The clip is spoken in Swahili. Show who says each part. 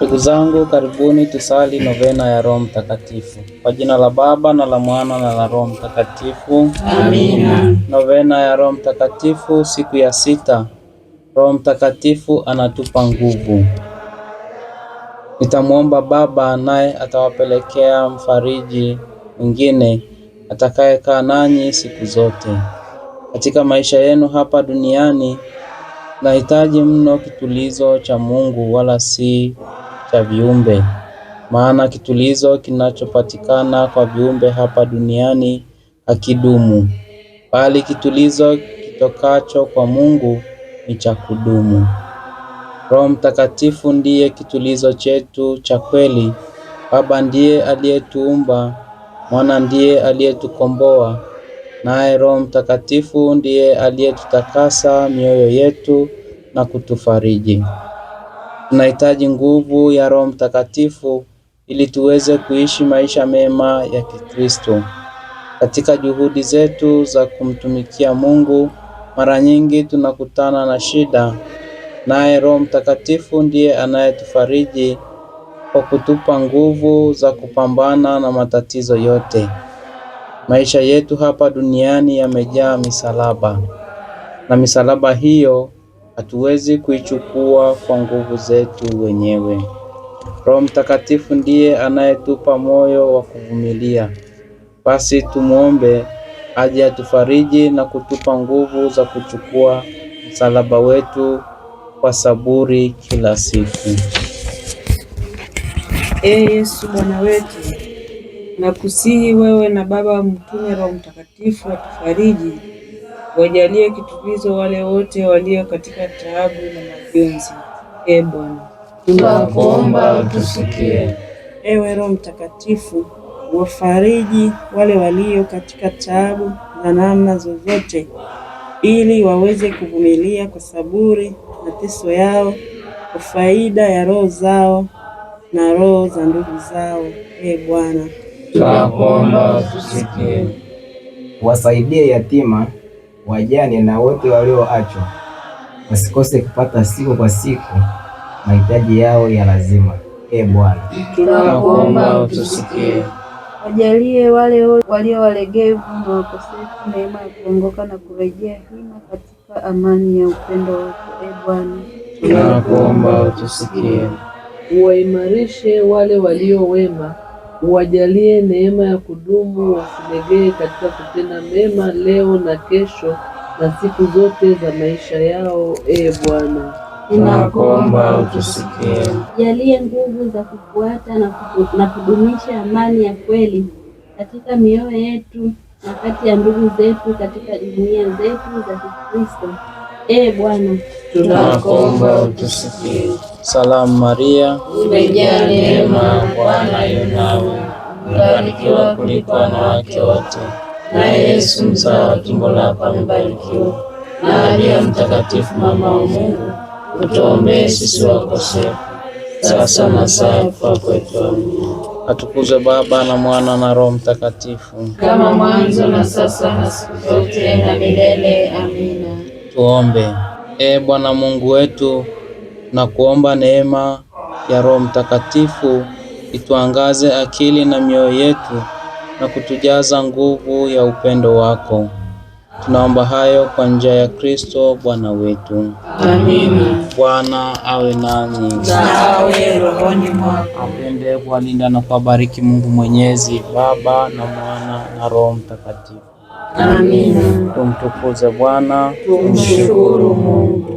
Speaker 1: Ndugu zangu karibuni tusali novena ya Roho Mtakatifu. Kwa jina la Baba na la Mwana na la Roho Mtakatifu. Amina.
Speaker 2: Novena ya Roho Mtakatifu, siku ya sita. Roho Mtakatifu anatupa nguvu. Nitamwomba Baba naye atawapelekea mfariji mwingine atakayekaa nanyi siku zote. Katika maisha yenu hapa duniani nahitaji mno kitulizo cha Mungu wala si cha viumbe, maana kitulizo kinachopatikana kwa viumbe hapa duniani hakidumu, bali kitulizo kitokacho kwa Mungu ni cha kudumu. Roho Mtakatifu ndiye kitulizo chetu cha kweli. Baba ndiye aliyetuumba, Mwana ndiye aliyetukomboa, naye Roho Mtakatifu ndiye aliyetutakasa mioyo yetu na kutufariji. Tunahitaji nguvu ya Roho Mtakatifu ili tuweze kuishi maisha mema ya Kikristo. Katika juhudi zetu za kumtumikia Mungu, mara nyingi tunakutana na shida, naye Roho Mtakatifu ndiye anayetufariji kwa kutupa nguvu za kupambana na matatizo yote. Maisha yetu hapa duniani yamejaa misalaba, na misalaba hiyo Hatuwezi kuichukua kwa nguvu zetu wenyewe. Roho Mtakatifu ndiye anayetupa moyo wa kuvumilia. Basi tumwombe aje atufariji na kutupa nguvu za kuchukua msalaba wetu kwa saburi kila siku.
Speaker 3: Ee Yesu Bwana wetu, nakusihi wewe na Baba mtume Roho Mtakatifu atufariji Wajalie kitulizo wale wote walio katika taabu na majonzi. E ee Bwana,
Speaker 1: tunakuomba utusikie.
Speaker 3: Ewe Roho Mtakatifu, wafariji wale walio katika taabu na namna zozote, ili waweze kuvumilia kwa saburi mateso yao kwa faida ya roho zao na roho za ndugu zao. e Bwana,
Speaker 1: tunakuomba utusikie.
Speaker 2: Wasaidie yatima wajane na wote walioachwa wasikose kupata siku kwa siku mahitaji yao ya lazima. E Bwana,
Speaker 1: tunakuomba utusikie.
Speaker 3: Wajalie wale walio walegevu na wakosefu neema ya kuongoka na kurejea hima katika amani ya upendo wako. E Bwana,
Speaker 1: tunakuomba utusikie.
Speaker 3: Uwaimarishe wale walio wema uwajalie neema ya kudumu, wasilegee katika kutenda mema leo na kesho na siku zote za maisha yao. E Bwana,
Speaker 1: tunakuomba utusikie.
Speaker 4: Jalie nguvu za kufuata na kudumisha amani ya kweli katika mioyo yetu na kati ya ndugu zetu katika jumuiya zetu za Kikristo. E Bwana,
Speaker 1: tunakuomba utusikie.
Speaker 2: Salamu Maria,
Speaker 5: umejaa neema, Bwana yu nawe, umebarikiwa kuliko wanawake wote, naye Yesu mzao wa tumbo lako amebarikiwa. Maria Mtakatifu, mama wa Mungu, utuombee sisi wakosefu, sasa na saa ya kufa kwetu. Amina.
Speaker 2: Atukuzwe Baba na Mwana na Roho Mtakatifu,
Speaker 6: kama mwanzo na sasa na siku zote na milele. Amina
Speaker 2: tuombe. Ee Bwana Mungu wetu, kuomba neema ya Roho Mtakatifu ituangaze akili na mioyo yetu na kutujaza nguvu ya upendo wako. Tunaomba hayo kwa njia ya Kristo Bwana wetu.
Speaker 1: Amina.
Speaker 2: Bwana awe nanyi.
Speaker 7: Na awe rohoni mwako.
Speaker 2: Apende kuwalinda na kuwabariki Mungu Mwenyezi, Baba na Mwana na Roho Mtakatifu. Amina. Tumtukuze Bwana,
Speaker 8: tumshukuru Mungu.